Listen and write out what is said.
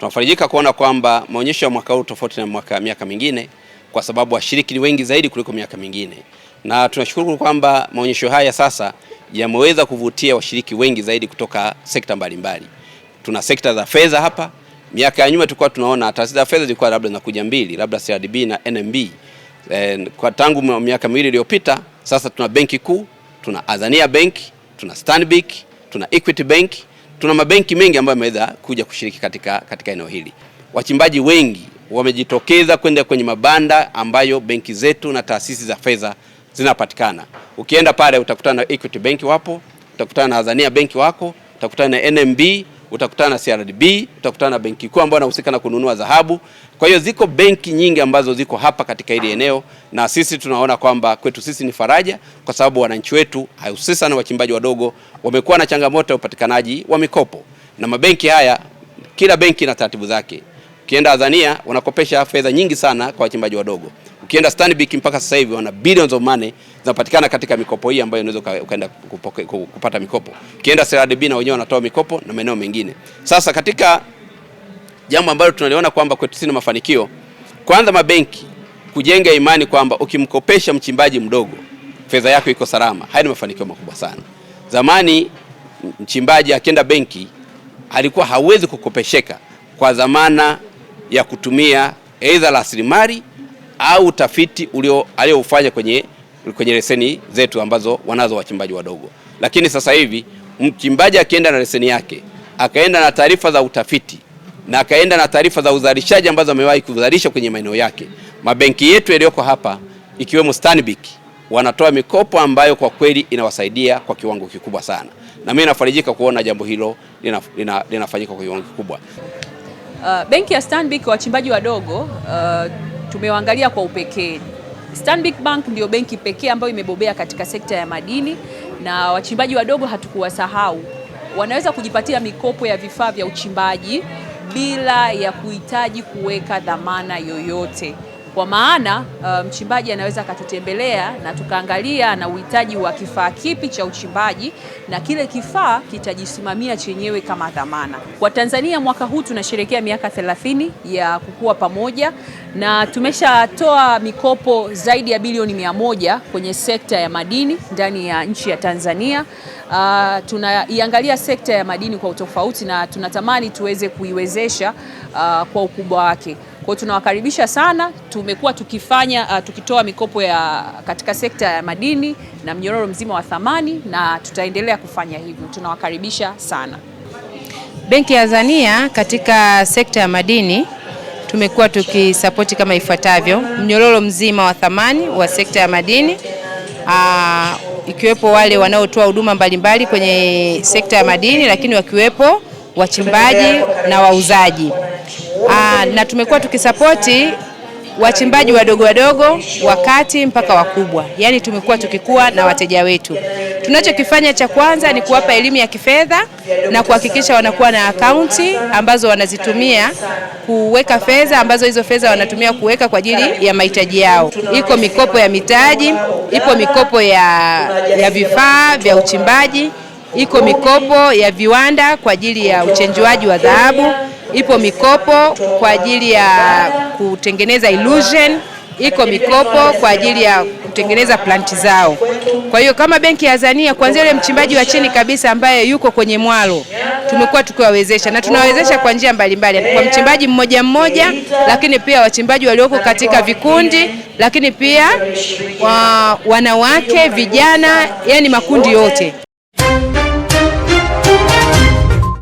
Tunafarijika kuona kwamba maonyesho ya mwaka huu tofauti na mwaka miaka mingine kwa sababu washiriki ni wengi zaidi kuliko miaka mingine, na tunashukuru kwamba maonyesho haya sasa yameweza kuvutia washiriki wengi zaidi kutoka sekta mbalimbali mbali. Tuna sekta za fedha hapa. Miaka ya nyuma tulikuwa tunaona taasisi za fedha zilikuwa labda zinakuja mbili, labda CRDB na NMB. E, eh, kwa tangu miaka miwili iliyopita sasa tuna benki kuu, tuna Azania Bank, tuna Stanbic, tuna Equity Bank tuna mabenki mengi ambayo yameweza kuja kushiriki katika, katika eneo hili. Wachimbaji wengi wamejitokeza kwenda kwenye mabanda ambayo benki zetu na taasisi za fedha zinapatikana. Ukienda pale utakutana na Equity Bank wapo, utakutana na Azania Benki wako, utakutana na NMB utakutana na CRDB, utakutana na benki kuu ambayo anahusika na kununua dhahabu. Kwa hiyo ziko benki nyingi ambazo ziko hapa katika hili eneo, na sisi tunaona kwamba kwetu sisi ni faraja, kwa sababu wananchi wetu hususan wachimbaji wadogo wamekuwa na changamoto ya upatikanaji wa mikopo, na mabenki haya, kila benki na taratibu zake. Ukienda Azania wanakopesha fedha nyingi sana kwa wachimbaji wadogo ukienda Stanbic mpaka sasa hivi wana billions of money zinapatikana katika mikopo hii ambayo unaweza ukaenda kupata mikopo. Ukienda CRDB na wenyewe wanatoa mikopo na maeneo mengine. Sasa katika jambo ambalo tunaliona kwamba kwetu sina mafanikio, kwanza mabenki kujenga imani kwamba ukimkopesha mchimbaji mdogo fedha yako iko salama. Haya ni mafanikio makubwa sana. Zamani mchimbaji akienda benki alikuwa hawezi kukopesheka kwa dhamana ya kutumia aidha rasilimali au utafiti aliyofanya kwenye, kwenye leseni zetu ambazo wanazo wachimbaji wadogo. Lakini sasa hivi mchimbaji akienda na leseni yake akaenda na taarifa za utafiti na akaenda na taarifa za uzalishaji ambazo amewahi kuzalisha kwenye maeneo yake, mabenki yetu yaliyoko hapa ikiwemo Stanbic wanatoa mikopo ambayo kwa kweli inawasaidia kwa kiwango kikubwa sana, na mimi nafarijika kuona jambo hilo linafanyika lina, lina kwa kiwango kikubwa. Uh, benki ya Stanbic wachimbaji wadogo uh, tumewaangalia kwa upekee. Stanbic Bank ndio benki pekee ambayo imebobea katika sekta ya madini, na wachimbaji wadogo hatukuwasahau. Wanaweza kujipatia mikopo ya vifaa vya uchimbaji bila ya kuhitaji kuweka dhamana yoyote. Kwa maana uh, mchimbaji um, anaweza akatutembelea na tukaangalia na uhitaji wa kifaa kipi cha uchimbaji na kile kifaa kitajisimamia chenyewe kama dhamana. Kwa Tanzania mwaka huu tunasherehekea miaka 30 ya kukua pamoja na tumeshatoa mikopo zaidi ya bilioni mia moja kwenye sekta ya madini ndani ya nchi ya Tanzania. Uh, tunaiangalia sekta ya madini kwa utofauti na tunatamani tuweze kuiwezesha uh, kwa ukubwa wake. Kwa tunawakaribisha sana. Tumekuwa tukifanya uh, tukitoa mikopo ya katika sekta ya madini na mnyororo mzima wa thamani na tutaendelea kufanya hivyo. Tunawakaribisha sana. Benki ya Azania katika sekta ya madini tumekuwa tukisapoti kama ifuatavyo: mnyororo mzima wa thamani wa sekta ya madini aa, ikiwepo wale wanaotoa huduma mbalimbali kwenye sekta ya madini, lakini wakiwepo wachimbaji na wauzaji aa, na tumekuwa tukisapoti wachimbaji wadogo wadogo wakati mpaka wakubwa, yaani tumekuwa tukikuwa na wateja wetu. Tunachokifanya cha kwanza ni kuwapa elimu ya kifedha na kuhakikisha wanakuwa na akaunti ambazo wanazitumia kuweka fedha ambazo hizo fedha wanatumia kuweka kwa ajili ya mahitaji yao. Iko mikopo ya mitaji, ipo mikopo ya, ya vifaa vya uchimbaji, iko mikopo ya viwanda kwa ajili ya uchenjuaji wa dhahabu, ipo mikopo kwa ajili ya kutengeneza illusion, iko mikopo kwa ajili ya kutengeneza planti zao. Kwa hiyo kama benki ya Azania, kuanzia ile mchimbaji wa chini kabisa ambaye yuko kwenye mwalo, tumekuwa tukiwawezesha na tunawawezesha kwa njia mbalimbali, kwa mchimbaji mmoja mmoja, lakini pia wachimbaji walioko katika vikundi, lakini pia wa, wanawake, vijana, yani makundi yote.